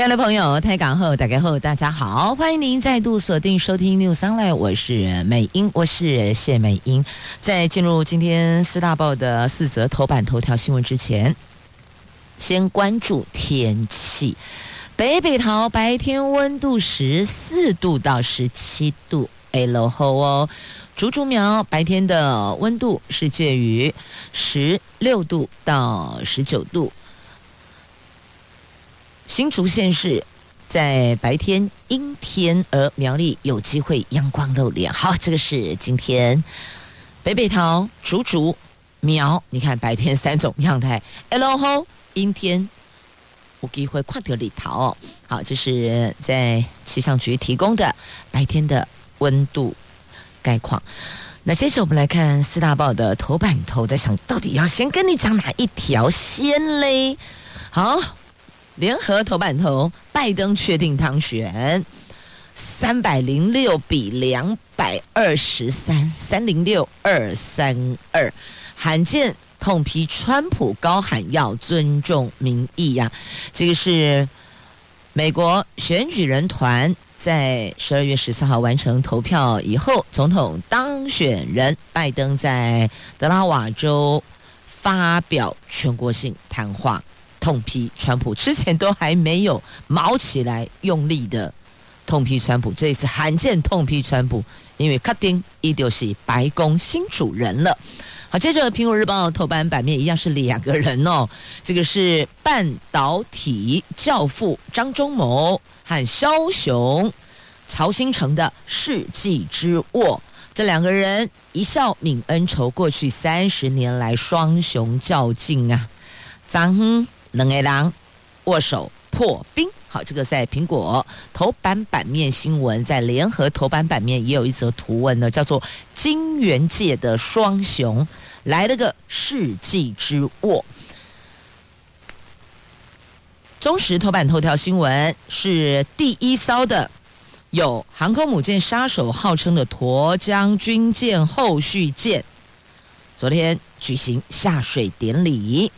親愛的朋友，太港後打開後，大家好，歡迎您再度鎖定收聽 NEWS ONLINE，我是美英，我是謝美英。在進入今天四大報的四則頭版頭條新聞之前，先關注天氣。北北桃白天溫度十四度到十七度，哎呦吼哦！竹竹苗白天的溫度是介於十六度到十九度。新竹縣市在白天陰天，而苗栗有機會陽光露臉。好，這個是今天北北桃竹竹苗，你看白天三種樣態。o h 吼，陰天我機會快點里桃。好，這是在氣象局提供的白天的溫度概況。那接着我們來看四大報的頭版頭，在想到底要先跟你講哪一條線嘞？好。聯合頭版頭，拜登確定當選，三百零六比兩百二十三，三零六二三二，罕見痛批川普，高喊要尊重民意呀、啊。這個是美國選舉人團在十二月十四號完成投票以後，總統當選人拜登在德拉瓦州發表全國性談話。痛批川普，之前都還沒有卯起來，用力的痛批川普，這一次罕見痛批川普，因為卡丁一定是白宮新主人了。好，接着《蘋果日報》的頭版版面一樣是兩個人哦，這個是半導體教父張忠謀和梟雄曹興誠的世紀之握，這兩個人一笑泯恩仇，過去三十年來雙雄較勁啊，張。冷愛狼握手破冰，好，這個在蘋果頭版版面新聞，在聯合頭版版面也有一則圖文呢，叫做“金元界的雙雄來了個世紀之握”。中時頭版頭條新聞是第一艘的，有航空母艦殺手，號稱的沱江軍艦後續艦，昨天舉行下水典禮。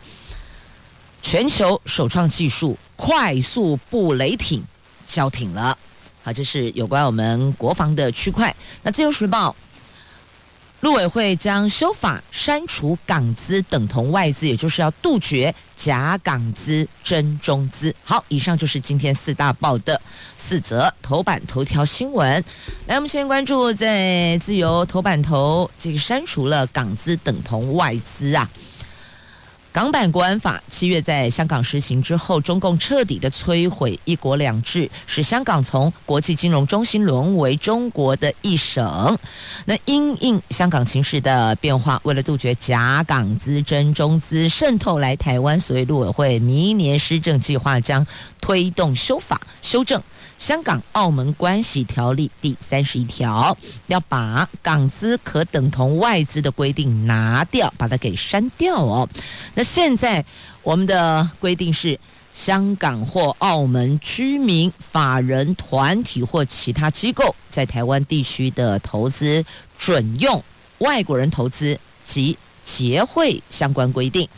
全球首創技術，快速布雷艇交艇了，好，這是有關我們國防的區塊。那自由時報，陸委會將修法刪除港資等同外資，也就是要杜絕假港資真中資。好，以上就是今天四大報的四則頭版頭條新聞。來，我們先關注在自由頭版頭這個刪除了港資等同外資啊。港版國安法七月在香港實行之後，中共徹底的摧毀“一國兩制”，使香港從國際金融中心淪為中國的一省。那因應香港情勢的變化，為了杜絕假港資、真中資滲透來台灣，所以陸委會明年施政計劃將推動修法修正《香港澳門關係條例》第三十一條，要把港資可等同外資的規定拿掉，把它給刪掉哦。現在我們的規定是，香港或澳門居民、法人團體或其他機構在臺灣地區的投資，準用外國人投資及結匯相關規定。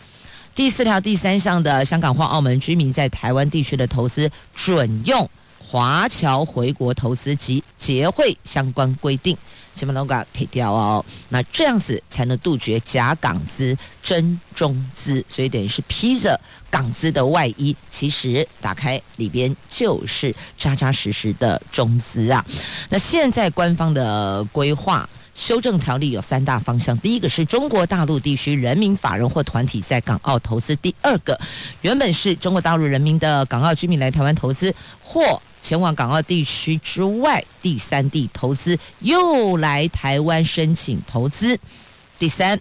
第四條第三項的香港或澳門居民在臺灣地區的投資，準用華僑回國投資及結匯相關規定。先把那個砍掉哦，那這樣子才能杜絕假港資真中資，所以等於是披着港資的外衣，其實打開裡邊就是扎扎實實的中資啊。那現在官方的規劃修正條例有三大方向，第一個是中國大陸地區人民法人或團體在港澳投資；第二個原本是中國大陸人民的港澳居民來台灣投資，或前往港澳地區之外第三地投資，又來台灣申請投資。第三，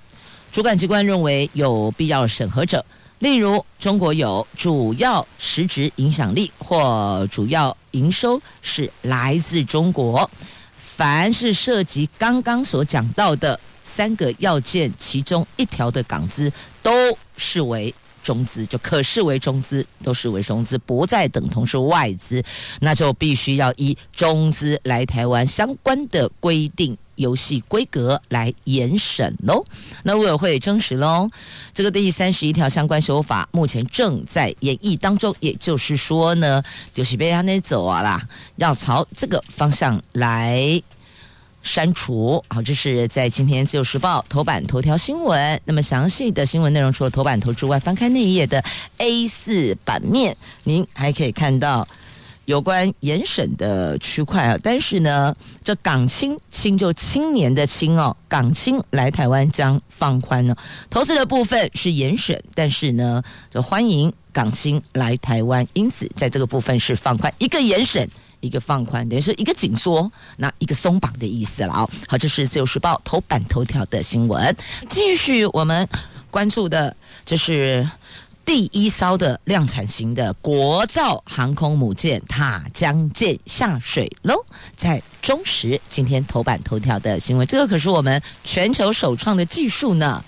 主管機關認為有必要審核者，例如中國有主要實質影響力或主要營收是來自中國。凡是涉及剛剛所講到的三個要件其中一條的港資，都視為。中資就可視為中資，都視為中資，不再等同是外資，那就必須要依中資來台灣相關的規定、遊戲規格來嚴審嘍。那委委會也證實嘍，這個第三十一條相關修法目前正在研議當中，也就是說呢，就是別他那走啊啦，要朝這個方向來。刪除。好，這是在今天《自由時報》頭版頭條新聞。那麼詳細的新聞內容，除了頭版頭之外，翻開那一頁的 A4 版面，您還可以看到有關嚴審的區塊啊。但是呢，這港青青就青年的青哦，港青來台灣將放寬呢、哦、投資的部分是嚴審，但是呢，就歡迎港青來台灣，因此在這個部分是放寬一個嚴審。一個放寬，等於說一個緊縮，那一個鬆綁的意思了啊。好，這是《自由時報》頭版頭條的新聞。繼續我們關注的，這、就是第一艘的量產型的國造航空母艦“沱江艦”下水嘍，在中時今天頭版頭條的新聞，這個可是我們全球首創的技術呢。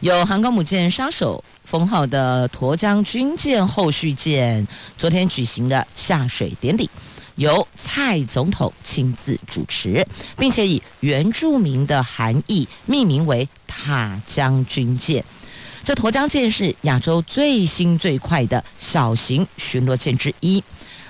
有航空母艦殺手封號的“沱江軍艦”後續艦，昨天舉行的下水典禮。由蔡總統親自主持，並且以原住民的含義命名為“塔江軍艦”。這沱江艦是亞洲最新最快的小型巡邏艦之一。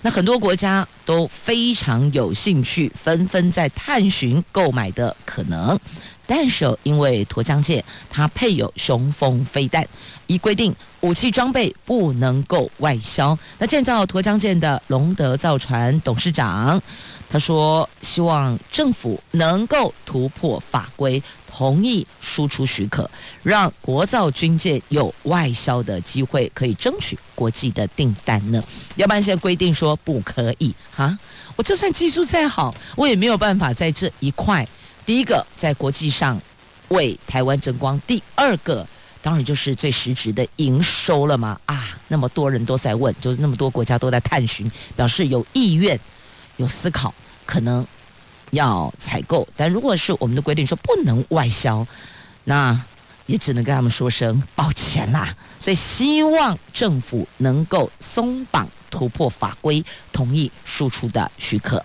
那很多國家都非常有興趣，紛紛在探尋購買的可能。但是，因為沱江艦它配有雄風飛彈，依規定武器裝備不能夠外銷。那建造沱江艦的龍德造船董事長他說：“希望政府能夠突破法規，同意輸出許可，讓國造軍艦有外銷的機會，可以爭取國際的訂單呢。要不然現在規定說不可以哈、啊，我就算技術再好，我也沒有辦法在這一塊。”第一個在國際上為台灣爭光，第二個當然就是最實質的營收了嘛。啊，那麼多人都在問，就是那麼多國家都在探尋，表示有意願、有思考，可能要採購。但如果是我們的規定說不能外銷，那也只能跟他們說聲抱歉啦。所以希望政府能夠鬆綁、突破法規，同意輸出的許可。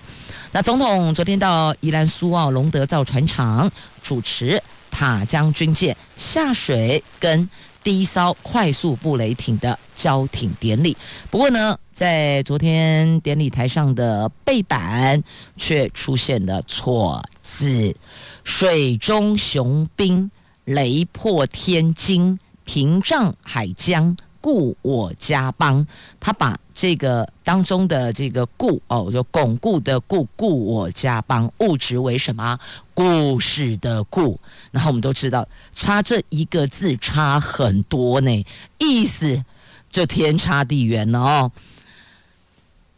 那總統昨天到宜蘭蘇澳龍德造船廠主持塔江軍艦下水跟第一艘快速布雷艇的交艇典禮，不過呢，在昨天典禮台上的背板卻出現了錯字，水中雄兵，雷破天驚，屏障海疆，故我家邦，他把這個當中的這個“故”哦，就鞏固的“固”，故我家邦。物質為什麼？故事的“故”。然後我們都知道，差這一個字差很多呢，意思就天差地遠哦。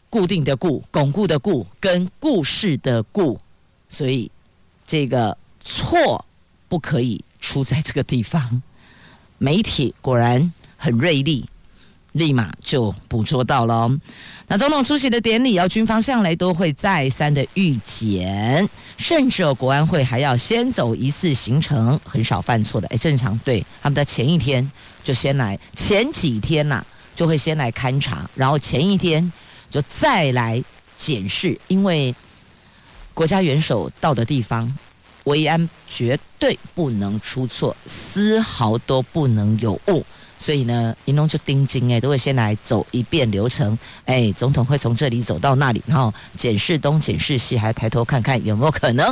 固定的“固”，鞏固的“固”，跟故事的“故”，所以這個錯不可以出在這個地方。媒體果然很銳利，立馬就捕捉到了哦。那總統出席的典禮，要軍方向來都會再三的預檢，甚至有國安會還要先走一次行程，很少犯錯的。哎，正常，對，他們在前一天就先來，前幾天吶、啊、就會先來勘察，然後前一天就再來檢視，因為國家元首到的地方，維安絕對不能出錯，絲毫都不能有誤。所以呢，一弄就盯緊哎，都會先來走一遍流程哎、欸，總統會從這裡走到那裡，然後檢視東、檢視西，還抬頭看看有沒有可能，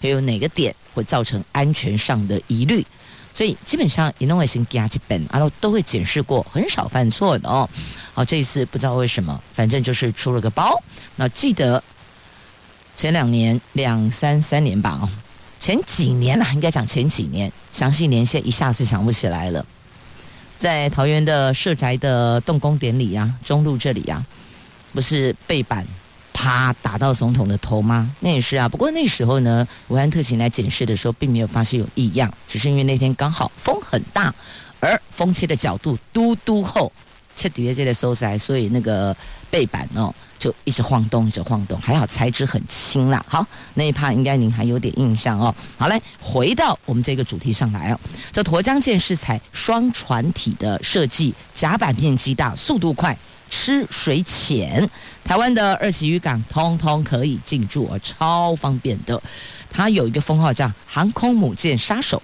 還有哪個點會造成安全上的疑慮。所以基本上會一弄也先加幾本，都會檢視過，很少犯錯的哦。好，這一次不知道為什麼，反正就是出了個包。那記得前兩年、兩三三年吧，哦，前幾年啦、啊，應該講前幾年，詳細年限一下子想不起來了。在桃園的社宅的動工典禮啊，中路這裡啊，不是背板啪打到總統的頭嗎？那也是啊。不過那時候呢，維安特勤來檢視的時候，並沒有發現有異樣，只是因為那天剛好風很大，而風切的角度嘟嘟厚徹底的這個收窄，所以那個背板哦。就一直晃動，一直晃動，還好材質很輕啦、啊。好，那一趴應該您還有點印象哦。好嘞，回到我們這個主題上來哦。這沱江艦是採雙船體的設計，甲板面積大，速度快，吃水淺，台灣的二級漁港通通可以進駐，哦，超方便的。它有一個封號叫“航空母艦殺手”。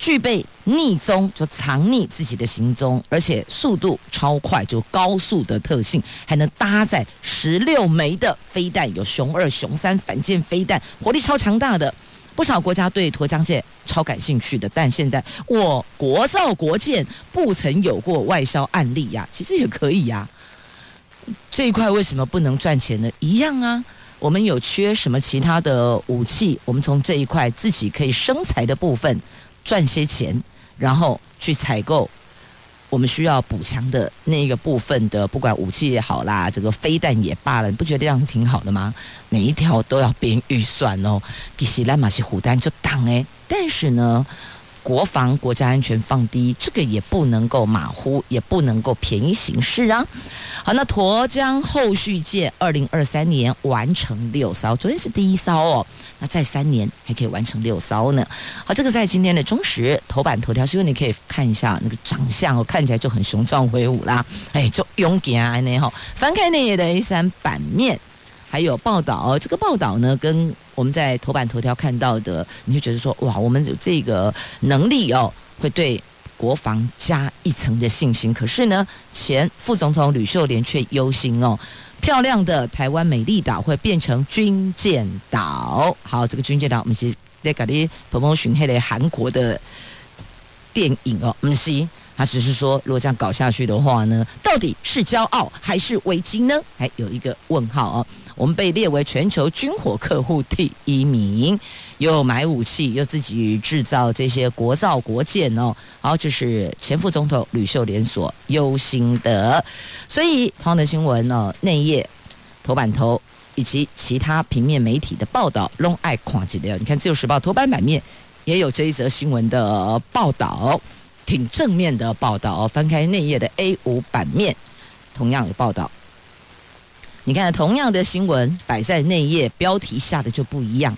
具備匿蹤，就藏匿自己的行蹤，而且速度超快，就高速的特性，還能搭載十六枚的飛彈，有雄二、雄三反艦飛彈，火力超強大的。不少國家對沱江艦超感興趣的，但現在我國造國艦不曾有過外銷案例呀、啊，其實也可以呀、啊。這一塊為什麼不能賺錢呢？一樣啊，我們有缺什麼其他的武器？我們從這一塊自己可以生財的部分。賺些錢，然後去採購我們需要補強的那個部分的，不管武器也好啦，這個飛彈也罷了，你不覺得這樣挺好的嗎？每一條都要編預算哦。其實蘭馬是負擔就當哎，但是呢。國防國家安全放低，這個也不能夠馬虎，也不能夠便宜行事啊。好，那沱江後續界二零二三年完成六艘，昨天是第一艘哦，那再三年還可以完成六艘呢。好，這個在今天的中時頭版頭條，希望你可以看一下那個長相哦，看起來就很雄壯威武啦，哎，就勇敢啊那吼、哦。翻開那頁的 A 三版面。還有報道，這個報道呢，跟我們在頭版頭條看到的，你就覺得說，哇，我們有這個能力哦，會對國防加一層的信心。可是呢，前副總統呂秀蓮卻憂心哦，漂亮的台灣美麗島會變成軍艦島。好，這個軍艦島我們是在搞裡朴風巡那個韓國的電影哦，不是，他只是說，如果這樣搞下去的話呢，到底是驕傲還是危機呢？還有一個問號哦。我們被列為全球軍火客戶第一名，又買武器，又自己制造這些國造國艦哦。好，這、就是前副總統呂秀蓮所憂心的。所以同樣的新聞呢、哦，內頁頭版頭以及其他平面媒體的報道，攏愛跨吉的。你看《自由時報》頭版版面也有這一則新聞的報道，挺正面的報道。翻開內頁的 A 五版面，同樣有報道。你看，同樣的新聞擺在那一頁標題下的就不一樣。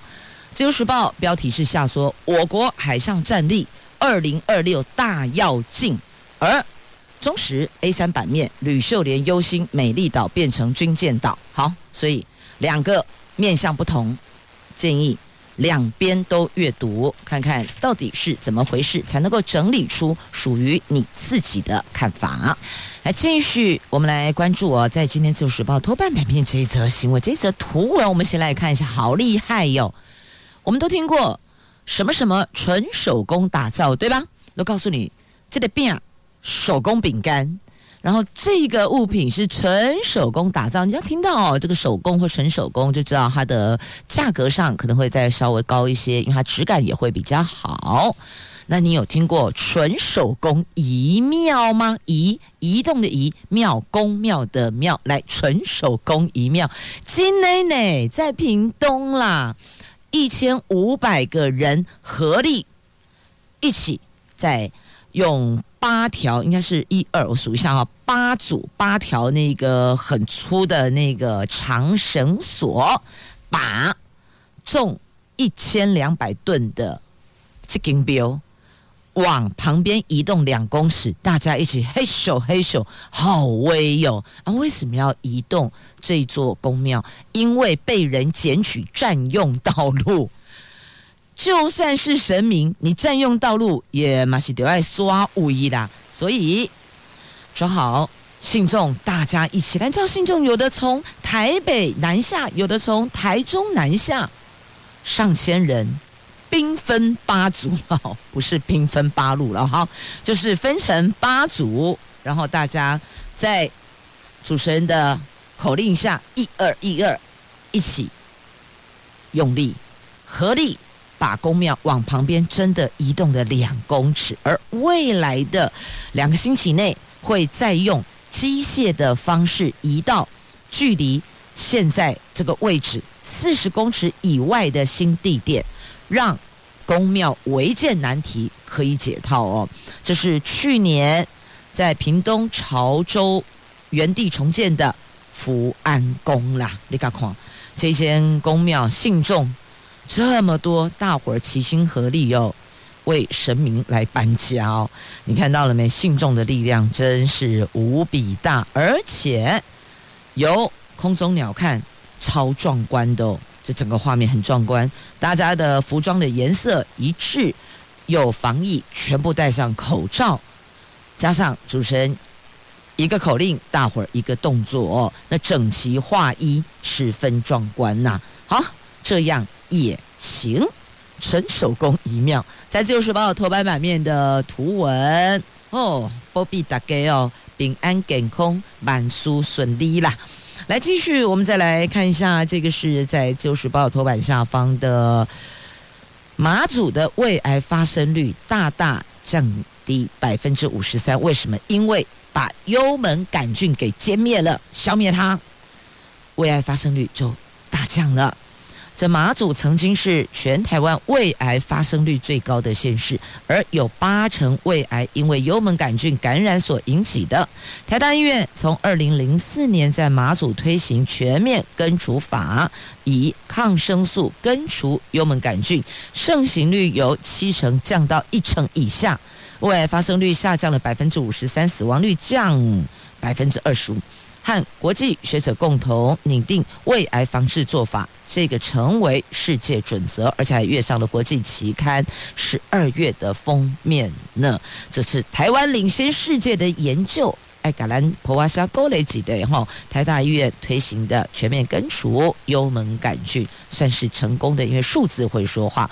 自由時報標題是下說，我國海上戰力二零二六大躍進，而中時 A 三版面，呂秀蓮憂心美麗島變成軍艦島。好，所以兩個面向不同，建議兩邊都閱讀，看看到底是怎麼回事，才能夠整理出屬於你自己的看法。來繼續，我們來關注哦，在今天《自由時報》頭版版面這一則新聞，這一則圖文，我們先來看一下，好厲害喲、哦！我們都聽過什麼什麼純手工打造，對吧？都告訴你，這得、個、變手工餅乾。然後這個物品是純手工打造，你要聽到哦，這個手工或純手工，就知道它的價格上可能會再稍微高一些，因為它質感也會比較好。那你有聽過純手工移廟嗎？移移動的移，廟公廟的廟。來，純手工移廟。今天呢，在屏東啦，一千五百個人合力一起在用八條，應該是一二，我數一下哈、哦，八組八條那個很粗的那個長繩索，把重一千兩百噸的這間廟。往旁邊移動兩公尺，大家一起嘿咻嘿咻，好威呦！啊，為什麼要移動這座宮廟？因為被人檢舉占用道路。就算是神明，你占用道路也馬西得愛刷五義啦。所以，抓好信眾，大家一起來。這信眾有的從台北南下，有的從台中南下，上千人。兵分八組，不是兵分八路了哈，就是分成八組，然後大家在主持人的口令下，一二一二，一起用力，合力把宮廟往旁邊真的移動了兩公尺，而未來的兩個星期內，會再用機械的方式移到距離現在這個位置四十公尺以外的新地點。讓宮廟違建難題可以解套哦！這是去年在屏東潮州原地重建的福安宮啦。你看看這間宮廟，信眾這麼多，大伙兒齊心合力哦，為神明來搬家哦。你看到了沒？信眾的力量真是無比大，而且由空中鳥瞰，超壯觀的哦！這整個畫面很壯觀，大家的服裝的顏色一致，有防疫，全部戴上口罩，加上主持人一個口令，大夥兒一個動作、哦，那整齊劃一，十分壯觀吶、啊。好，這樣也行，純手工一妙。再就是把我頭版版面的圖文哦，保庇大家哦，平安健康，萬事順利啦。來繼續，我們再來看一下，這個是在《舊時報》頭版下方的馬祖的胃癌發生率大大降低百分之五十三。為什麼？因為把幽門桿菌給殲滅了，消滅它，胃癌發生率就大降了。這馬祖曾經是全台灣胃癌發生率最高的縣市，而有八成胃癌因為幽門桿菌感染所引起的。台大醫院，院從二零零四年在馬祖推行全面根除法，以抗生素根除幽門桿菌，盛行率由七成降到一成以下，胃癌發生率下降了百分之五十三，死亡率降百分之二十五。和國際學者共同擬定胃癌防治做法，這個成為世界準則，而且還躍上了國際期刊十二月的封面呢。這次台灣領先世界的研究，愛嘎蘭婆瓦沙溝雷幾對吼，台大醫院推行的全面根除幽門桿菌，算是成功的，因為數字會說話，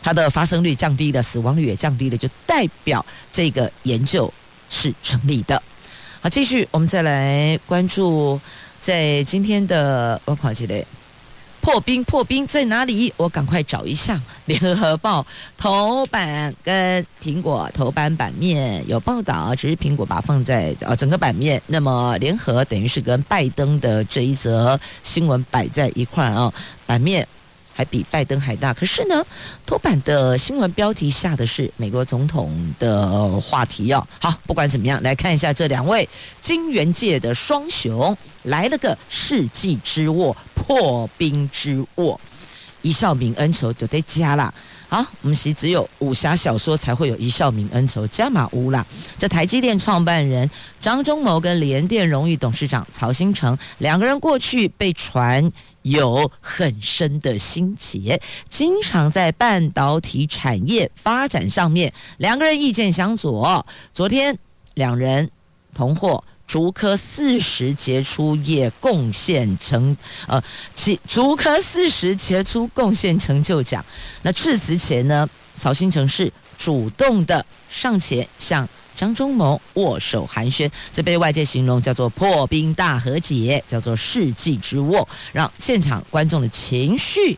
它的發生率降低了，死亡率也降低了，就代表這個研究是成立的。好，繼續，我們再來關注，在今天的我考積累，破冰破冰在哪裡？我趕快找一下《聯合報》頭版跟蘋果頭版版面有報道，只是蘋果把它放在啊、哦、整個版面，那麼聯合等於是跟拜登的這一則新聞擺在一塊啊、哦、版面。還比拜登還大，可是呢，頭版的新聞標題下的是美國總統的話題喲、哦。好，不管怎麼樣，來看一下這兩位金元界的雙雄，來了個世紀之握，破冰之握，一笑泯恩仇就得加啦。好，我們是只有武俠小說才會有一笑泯恩仇加馬烏啦。這台積電創辦人張忠謀跟聯電榮譽董事長曹興誠兩個人過去被傳。有很深的心結，經常在半導體產業發展上面，兩個人意見相左。昨天兩人同獲竹科四十傑出也貢獻成，呃，其竹科四十傑出貢獻成就獎。那致辭前呢，曹興誠是主動的上前向。張忠謀握手寒暄，這被外界形容叫做“破冰大和解”，叫做“世紀之握”，讓現場觀眾的情緒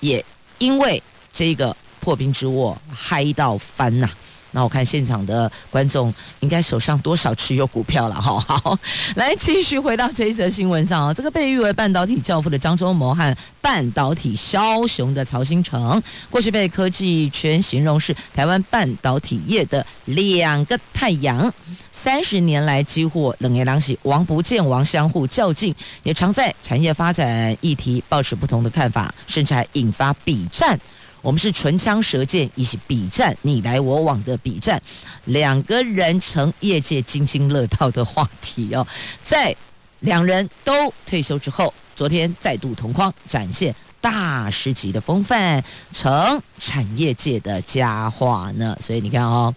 也因為這個“破冰之握”嗨到翻吶、啊。那我看現場的觀眾應該手上多少持有股票了哈？好，來繼續回到這一則新聞上啊。這個被譽為半導體教父的張忠謀和半導體梟雄的曹興誠，過去被科技圈形容是台灣半導體業的兩個太陽。三十年來幾乎冷熱兩喜，王不見王，相互較勁，也常在產業發展議題抱持不同的看法，甚至還引發筆戰。我們是唇槍舌劍，一起比戰你來我往的比戰，兩個人成業界津津樂道的話題哦。在兩人都退休之後，昨天再度同框，展現大師級的風範，成產業界的佳話呢。所以你看哦，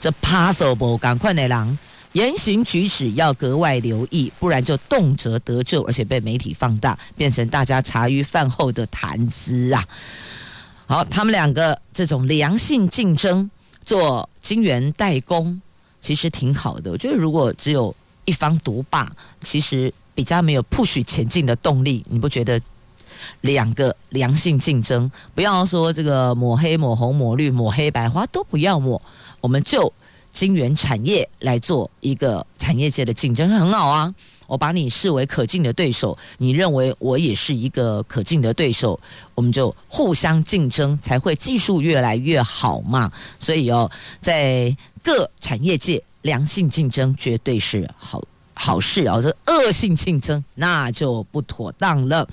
這 possible 趕快來啦！言行舉止要格外留意，不然就動輒得咎，而且被媒體放大，變成大家茶餘飯後的談資啊。好，他們兩個這種良性競爭做晶圓代工，其實挺好的。我覺得如果只有一方獨霸，其實比較沒有 push 前進的動力，你不覺得？兩個良性競爭，不要說這個抹黑、抹紅、抹綠、抹黑白花都不要抹，我們就晶圓產業來做一個產業界的競爭，很好啊。我把你視為可敬的對手，你認為我也是一個可敬的對手，我們就互相競爭，才會技術越來越好嘛。所以哦，在各產業界良性競爭絕對是好。好事啊，這惡性競爭那就不妥當了。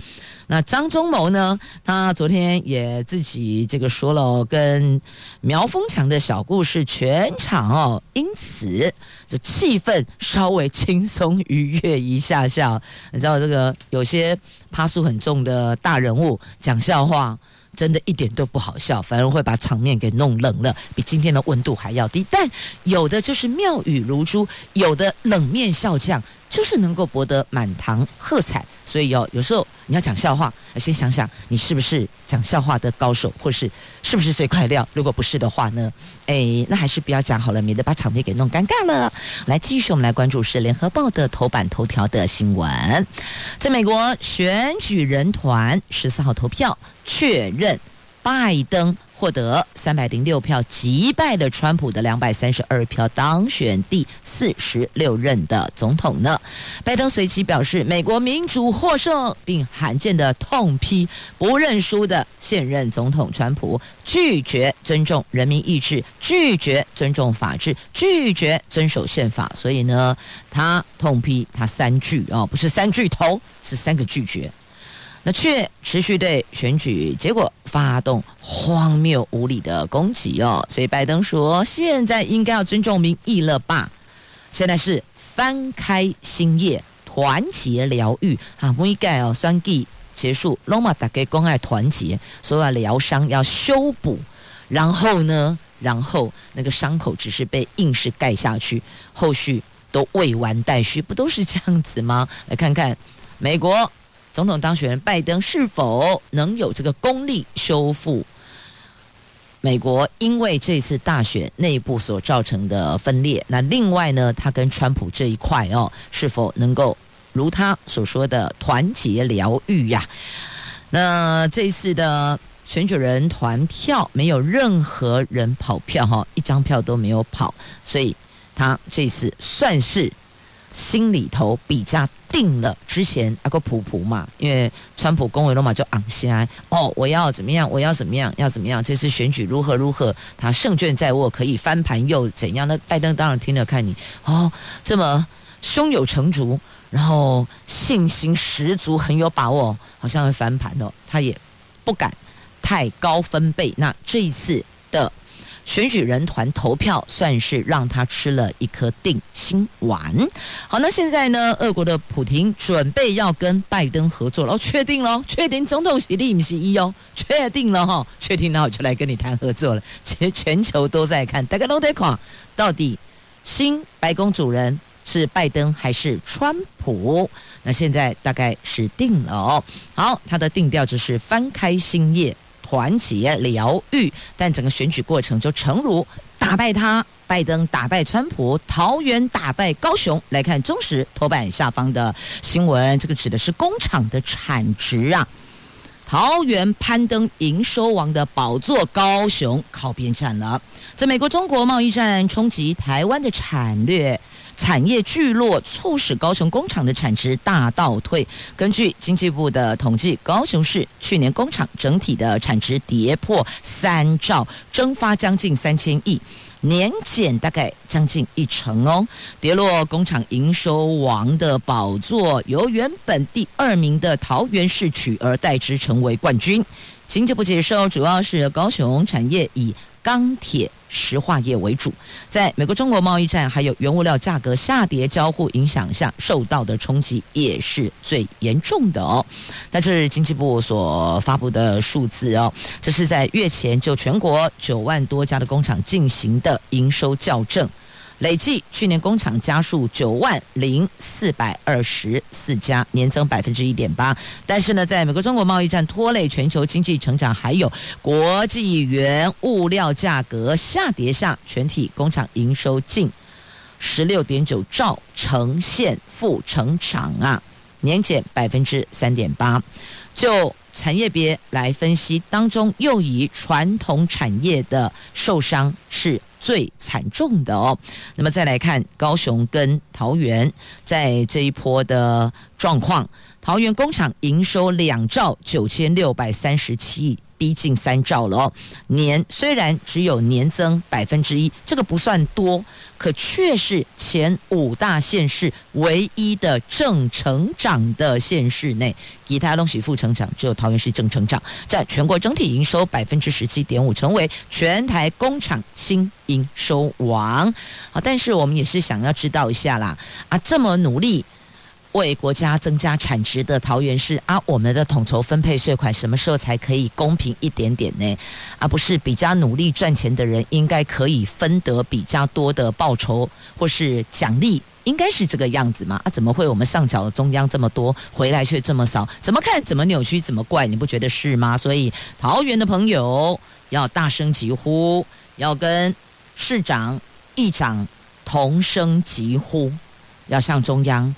那張忠謀呢？他昨天也自己這個說了、哦、跟苗豐強的小故事，全場哦，因此這氣氛稍微輕鬆愉悅一下下。你知道這個有些趴樹很重的大人物講笑話，真的一點都不好笑，反而會把場面給弄冷了，比今天的溫度還要低。但有的就是妙語如珠，有的冷面笑匠。就是能夠博得滿堂喝彩，所以哦，有時候你要講笑話，先想想你是不是講笑話的高手，或是是不是這塊料。如果不是的話呢，哎，那還是不要講好了，免得把場面給弄尷尬了。來，繼續，我們來關注是《聯合報》的頭版頭條的新聞，在美國選舉人團十四號投票確認拜登。獲得三百零六票擊敗了川普的兩百三十二票，當選第四十六任的總統呢。拜登隨即表示，美國民主獲勝，並罕見的痛批不認輸的現任總統川普，拒絕尊重人民意志，拒絕尊重法治，拒絕遵守憲法。所以呢，他痛批他三拒啊，不是三巨頭，是三個拒絕。那卻持續對選舉結果發動荒謬無理的攻擊哦，所以拜登說現在應該要尊重民意了吧？現在是翻開新頁，團結療癒啊！一概哦選舉結束，都馬大家關愛團結，所以要療傷，要修補。然後呢？然後那個傷口只是被硬是蓋下去，後續都未完待續，不都是這樣子嗎？來看看美國。總統當選人拜登是否能有這個功力修復美國？因為這次大選內部所造成的分裂。那另外呢，他跟川普這一塊哦，是否能夠如他所說的團結療癒呀、啊？那這次的選舉人團票沒有任何人跑票哈，一張票都沒有跑，所以他這次算是。心裡頭比較定了，之前阿個普普嘛，因為川普公維羅馬就昂起來，哦，我要怎麼樣，我要怎麼樣，要怎麼樣，這次選舉如何如何，他勝券在握，可以翻盤又怎樣？那拜登當然聽了，看你哦，這麼胸有成竹，然後信心十足，很有把握，好像會翻盤哦。他也不敢太高分貝。那這一次的。選舉人團投票算是讓他吃了一顆定心丸。好，那現在呢？俄國的普丁準備要跟拜登合作了哦，確定了，確定總統席位米是一哦，確定了哈，確、哦、定，那我就來跟你談合作了。其實全球都在看，大家都在看，到底新白宮主人是拜登還是川普？那現在大概是定了哦。好，他的定調就是翻開新頁。團結療癒，但整個選舉過程就誠如打敗他，拜登打敗川普，桃園打敗高雄。來看中時頭版下方的新聞，這個指的是工廠的產值啊。桃園攀登營收王的寶座，高雄靠邊站了。在美國中國貿易戰衝擊台灣的產略。產業聚落促使高雄工廠的產值大倒退。根據經濟部的統計，高雄市去年工廠整體的產值跌破三兆，蒸發將近三千億，年減大概將近一成哦。跌落工廠營收王的寶座，由原本第二名的桃園市取而代之，成為冠軍。經濟部解釋哦，主要是高雄產業以鋼鐵。石化業為主，在美國、中國貿易戰，還有原物料價格下跌交互影響下，受到的衝擊也是最嚴重的哦。那這是經濟部所發布的數字哦，這是在月前就全國九萬多家的工廠進行的營收校正。累計去年工廠家數九萬零四百二十四家，年增百分之一點八。但是呢，在美國中國貿易戰拖累全球經濟成長，還有國際原物料價格下跌下，全體工廠營收近十六點九兆，呈現負成長啊，年減百分之三點八。就。產業別來分析當中，又以傳統產業的受傷是最慘重的哦。那麼再來看高雄跟桃園在這一波的狀況，桃園工廠營收兩兆九千六百三十七億。逼近三兆了、哦，年雖然只有年增百分之一，這個不算多，可卻是前五大縣市唯一的正成長的縣市內，其他都是負成長，只有桃園市正成長，占全國整體營收百分之十七點五，成為全台工廠新營收王。好，但是我們也是想要知道一下啦，啊，這麼努力。為國家增加產值的桃園市啊，我們的統籌分配稅款什麼時候才可以公平一點點呢？而、啊、不是比較努力賺錢的人應該可以分得比較多的報酬或是獎勵，應該是這個樣子嘛？啊，怎麼會我們上繳中央這麼多，回來卻這麼少？怎麼看怎麼扭曲，怎麼怪？你不覺得是嗎？所以桃園的朋友要大聲疾呼，要跟市長、議長同聲疾呼，要向中央。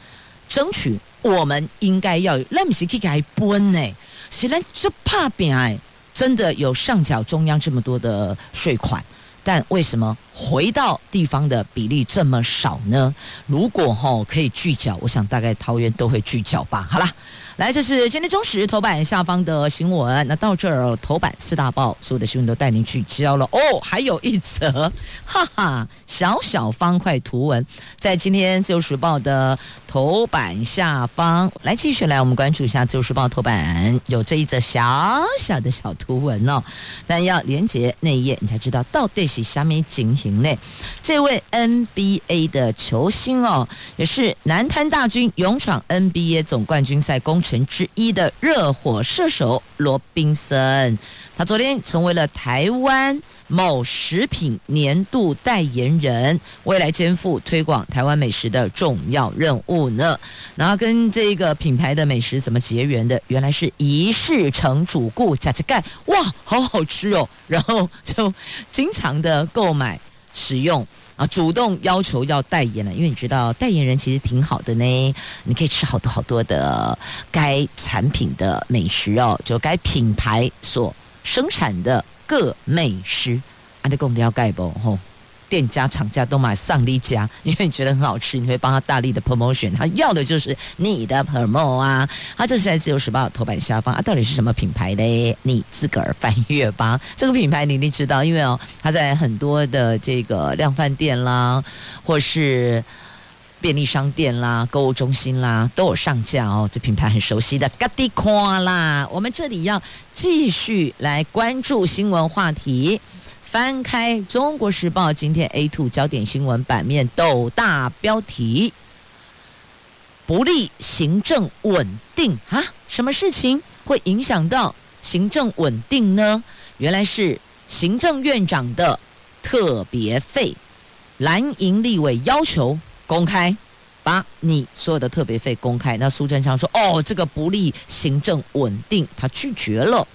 爭取我們應該要有，那不是去給它分呢，雖然這怕變哎、欸，真的有上繳中央這麼多的稅款，但為什麼回到地方的比例這麼少呢？如果哈可以拒繳，我想大概桃園都會拒繳吧。好啦。來，這是今天中時頭版下方的新聞。那到這兒，頭版四大報所有的新聞都帶您聚焦了哦。還有一則，哈哈，小小方塊圖文，在今天自由時報的頭版下方。來，繼續來，我們關注一下自由時報頭版，有這一則小小的小圖文哦。但要連接內頁，你才知道到底是蝦米情形呢。這位 NBA 的球星哦，也是南灘大軍勇闖 NBA 總冠軍賽功神之一的熱火射手羅賓森，他昨天成為了台灣某食品年度代言人，未來肩負推廣台灣美食的重要任務呢。然後跟這個品牌的美食怎麼結緣的？原來是儀式城主顧賈志干，哇，好好吃哦，然後就經常的購買使用。啊，主動要求要代言了，因為你知道，代言人其實挺好的呢。你可以吃好多好多的該產品的美食哦，就該品牌所生產的各美食，阿弟我們要蓋不吼？店家、廠家都買上力家，因為你覺得很好吃，你會幫他大力的 promotion。他要的就是你的 promotion 啊！他、啊、這是在自由時報頭版下方，啊，到底是什麼品牌咧？你自個兒翻閱吧。這個品牌你一定知道，因為哦，他在很多的這個量販店啦，或是便利商店啦、購物中心啦都有上架哦。這品牌很熟悉的，嘎滴誇啦！我們這裡要繼續來關注新聞話題。翻開《中國時報》今天 A two 焦點新聞版面，斗大標題：不利行政穩定啊！什麼事情會影響到行政穩定呢？原來是行政院長的特別費，藍營立委要求公開，把你所有的特別費公開。那蘇貞昌說：“哦，這個不利行政穩定。”他拒絕了。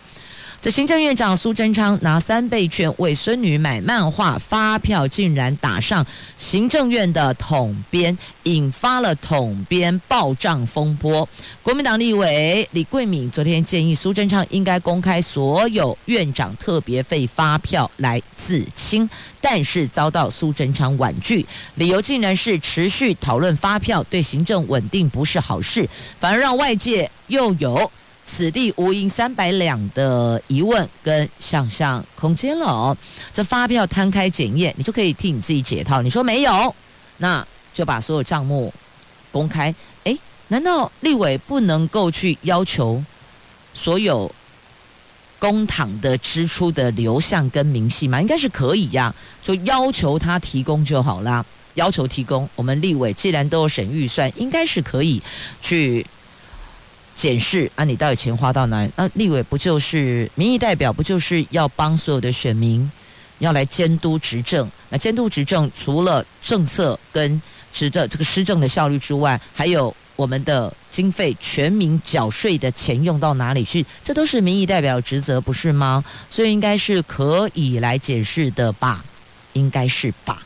這行政院長蘇貞昌拿三倍券為孫女買漫畫，發票竟然打上行政院的統編，引發了統編報帳風波。國民黨立委李貴敏昨天建議蘇貞昌應該公開所有院長特別費發票來自清，但是遭到蘇貞昌婉拒，理由竟然是持續討論發票對行政穩定不是好事，反而讓外界又有。此地無銀三百兩的疑問跟想象,象空間了哦。這發票攤開檢驗，你就可以替你自己解套。你說沒有，那就把所有賬目公開。誒，難道立委不能夠去要求所有公帑的支出的流向跟明細嗎？應該是可以呀，啊，就要求他提供就好啦。要求提供，我們立委既然都有審預算，應該是可以去。檢視啊，你到底錢花到哪裡？那立委不就是民意代表，不就是要幫所有的選民，要來監督執政？那監督執政，除了政策跟執政這個施政的效率之外，還有我們的經費，全民繳稅的錢用到哪裡去？這都是民意代表職責，不是嗎？所以應該是可以來解釋的吧？應該是吧？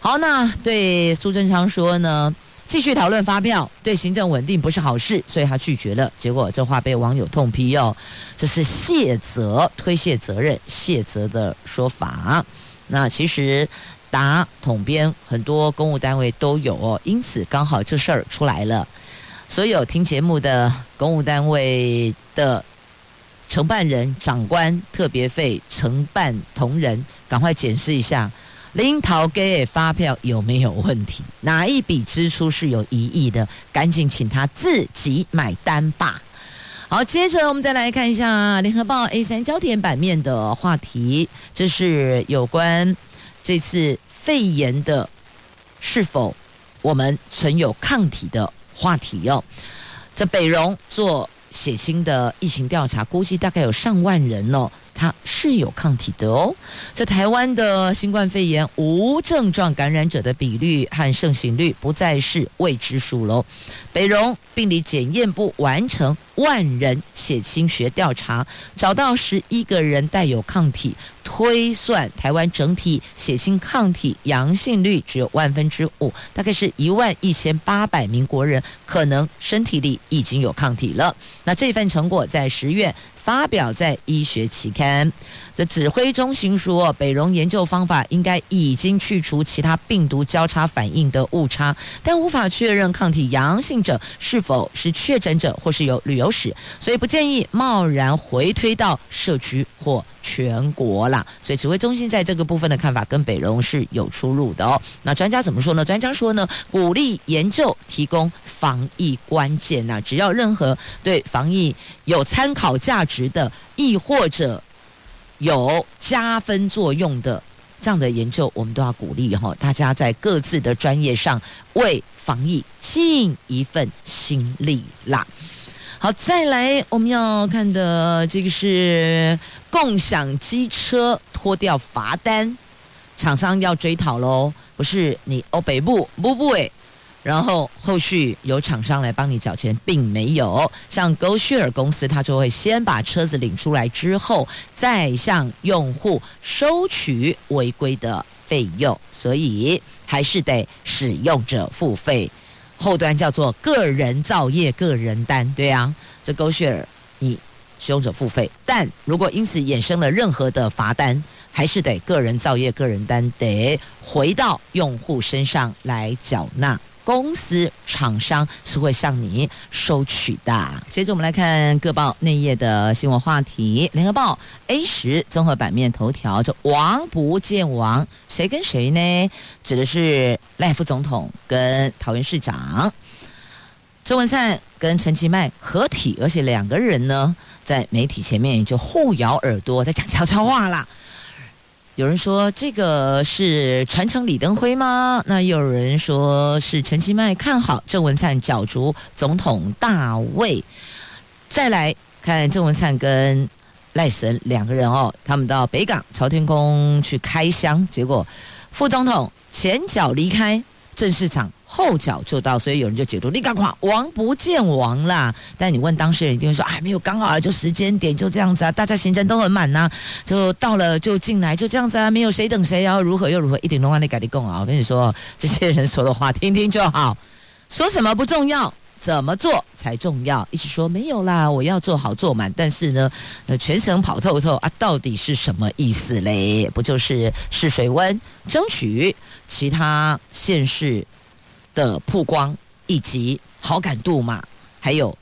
好，那對蘇貞昌說呢？繼續討論發票對行政穩定不是好事，所以他拒絕了。結果這話被網友痛批喲、哦，這是卸責、推卸責任、卸責的說法。那其實打統編很多公務單位都有，哦，因此剛好這事兒出來了。所有聽節目的公務單位的承辦人、長官、特別費承辦同仁，趕快解釋一下。林桃給發票有沒有問題？哪一筆支出是有疑義的？趕緊請他自己買單吧。好，接着我們再來看一下《聯合報》A 三焦點版面的話題，這是有關這次肺炎的是否我們存有抗體的話題喲、喔。這北榮做血清的疫情調查，估計大概有上萬人哦、喔。它是有抗體的哦。在台灣的新冠肺炎無症狀感染者的比率和盛行率不再是未知數了。北榮病理檢驗部完成萬人血清學調查，找到十一個人帶有抗體，推算台灣整體血清抗體陽性率只有萬分之五，大概是一萬一千八百名國人可能身體裡已經有抗體了。那這份成果在十月。發表在醫學期刊。這指揮中心說，北榮研究方法應該已經去除其他病毒交叉反應的誤差，但無法確認抗體陽性者是否是確診者或是有旅遊史，所以不建議貿然回推到社區或全國啦。所以指揮中心在這個部分的看法跟北榮是有出入的哦。那專家怎麼說呢？專家說呢，鼓勵研究提供防疫關鍵吶，只要任何對防疫有參考價值的，亦或者。有加分作用的這樣的研究，我們都要鼓勵哈，大家在各自的專業上為防疫盡一份心力啦。好，再來我們要看的這個是共享機車拖吊罰單，廠商要追討嘍，不是你哦，北部不不。誒然後後續有廠商來幫你繳錢，並沒有。像 GoShare 公司，它就會先把車子領出來之後，再向用戶收取違規的費用。所以還是得使用者付費。後端叫做個人造業，個人單，對啊，這 GoShare 你使用者付費，但如果因此衍生了任何的罰單，還是得個人造業，個人單得回到用戶身上來繳納。公司廠商是會向你收取的。接着我們來看各報內頁的新聞話題。聯合報 A 十綜合版面頭條就王不見王，誰跟誰呢？指的是賴副總統跟桃園市長周文燦跟陳其邁合體，而且兩個人呢在媒體前面也就互咬耳朵，在講悄悄話啦。有人說這個是傳承李登輝嗎？那又有人說是陳其邁看好鄭文燦角逐總統大位。再來看鄭文燦跟賴神兩個人哦，他們到北港朝天宮去開香。結果副總統前腳離開，鄭市長後腳就到，所以有人就解讀你趕快王不見王啦。但你問當事人一定會說：“哎，沒有，剛好啊，就時間點就這樣子啊，大家行程都很滿吶、啊，就到了就進來就這樣子啊，沒有誰等誰、啊，然後如何又如何。”一點都完你改立共啊，我跟你說，這些人說的話聽聽就好，說什麼不重要，怎麼做才重要。一直說沒有啦，我要做好做滿，但是呢，那全省跑透透啊，到底是什麼意思嘞？不就是試水溫，爭取其他縣市，的曝光以及好感度嘛，還有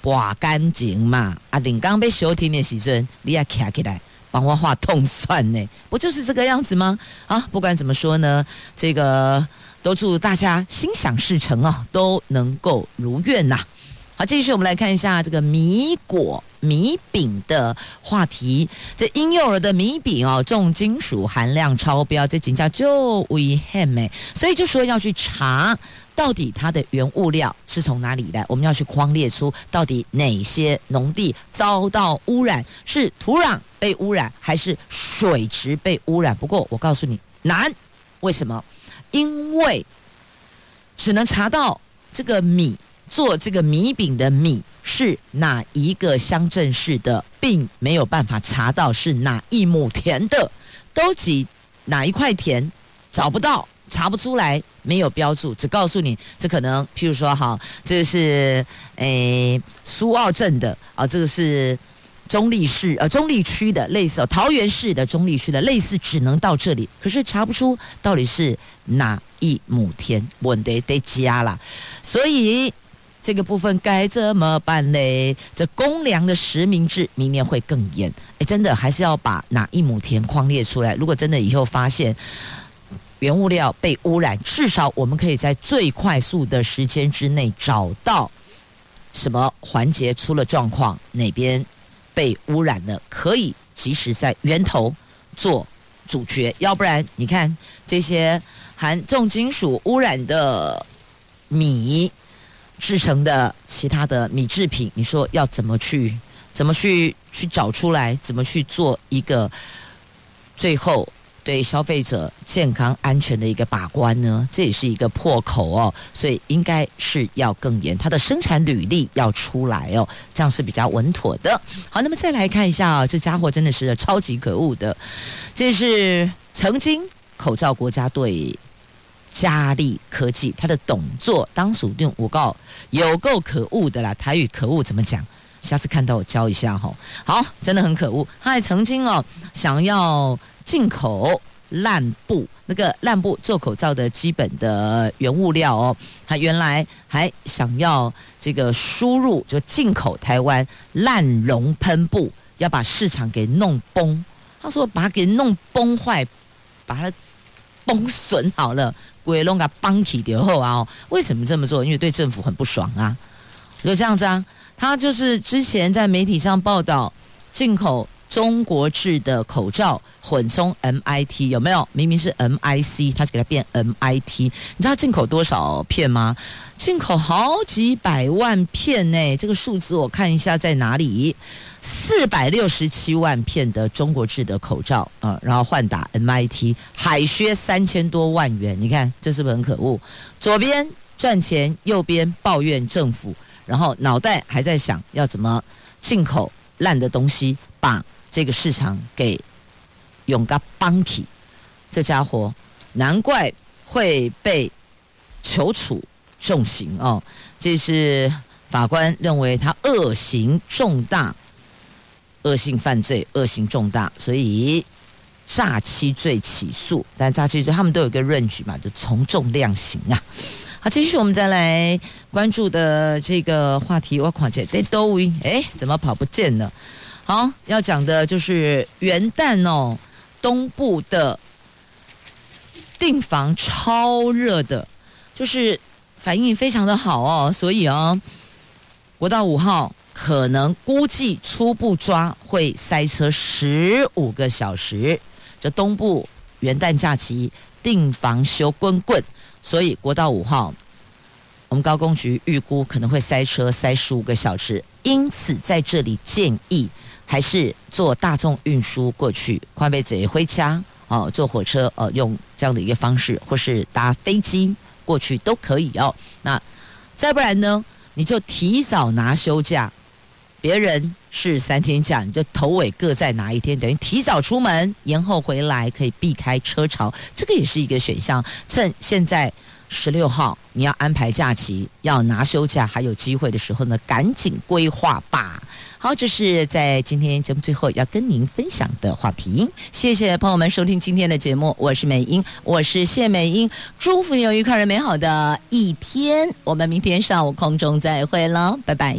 刮乾淨嘛，啊，林剛被休體的時陣，你也卡起來幫我畫痛算呢，不就是這個樣子嗎？啊，不管怎麼說呢，這個都祝大家心想事成啊、哦，都能夠如願吶、啊。繼續我們來看一下這個米果米餅的話題。這嬰幼兒的米餅哦，重金屬含量超標，這景家就為憲誒。所以就說要去查到底它的原物料是從哪裡來，我們要去匡列出到底哪些農地遭到污染，是土壤被污染還是水池被污染？不過我告訴你難，為什麼？因為只能查到這個米。做這個米餅的米是哪一個鄉鎮市的，並沒有辦法查到是哪一畝田的，都幾哪一塊田找不到，查不出來，沒有標註，只告訴你這可能，譬如說，哈，這個是誒、欸、蘇澳鎮的啊、哦，這個是中壢市呃中壢區的類似、哦、桃園市的中壢區的類似，只能到這裡，可是查不出到底是哪一畝田，問題在這啦，所以。這個部分該怎麼辦呢？這公糧的實名制明年會更嚴。哎，真的還是要把哪一畝田框列出來。如果真的以後發現原物料被污染，至少我們可以在最快速的時間之內找到什麼環節出了狀況，哪邊被污染了，可以及時在源頭做阻絕。要不然，你看這些含重金屬污染的米。製成的其他的米製品，你說要怎麼去，怎麼去去找出來，怎麼去做一個最後對消費者健康安全的一個把關呢？這也是一個破口哦，所以應該是要更嚴，它的生產履歷要出來哦，這樣是比較穩妥的。好，那麼再來看一下啊，這家伙真的是超級可惡的，這是曾經口罩國家隊。加利科技，它的董座當屬令我告我有夠可惡的啦！台語可惡怎麼講？下次看到我教一下吼、喔，好，真的很可惡。他還曾經哦、喔，想要進口爛布，那個爛布做口罩的基本的原物料哦、喔。他原來還想要這個輸入，就進口台灣爛熔噴布，要把市場給弄崩。他說把他給弄崩壞，把它崩損好了。鬼弄個幫起的後啊，為什麼這麼做？因為對政府很不爽啊，就這樣子啊，他就是之前在媒體上報道進口。中國製的口罩混充 MIT 有沒有？明明是 MIC，他就給它變 MIT。你知道進口多少片嗎？進口好幾百萬片呢、欸！這個數字我看一下在哪裡？四百六十七萬片的中國製的口罩啊、呃，然後換打 MIT，海削三千多萬元。你看這是不是很可惡？左邊賺錢，右邊抱怨政府，然後腦袋還在想要怎麼進口爛的東西把。這個市場給永嘎邦提這傢伙，難怪會被求處重刑哦。這是法官認為他惡行重大，惡性犯罪，惡行重大，所以詐欺罪起訴。但詐欺罪他們都有個論據嘛，就從重量刑啊。好，繼續我們再來關注的這個話題。我況且，哎，怎麼跑不見了？好，要講的就是元旦哦，東部的訂房超熱的，就是反應非常的好哦，所以哦，國道五號可能估計初步抓會塞車十五個小時。這東部元旦假期訂房燒滾滾，所以國道五號，我們高公局預估可能會塞車塞十五個小時，因此在這裡建議。還是坐大眾運輸過去，寬被子回家哦、呃。坐火車呃，用這樣的一個方式，或是搭飛機過去都可以哦。那再不然呢，你就提早拿休假，別人是三天假，你就頭尾各再拿一天，等於提早出門，延後回來，可以避開車潮。這個也是一個選項，趁現在。十六號，你要安排假期，要拿休假還有機會的時候呢，趕緊規劃吧。好，這是在今天節目最後要跟您分享的話題。謝謝朋友們收聽今天的節目，我是美英，我是謝美英，祝福你有愉快而美好的一天。我們明天上午空中再會嘍，拜拜。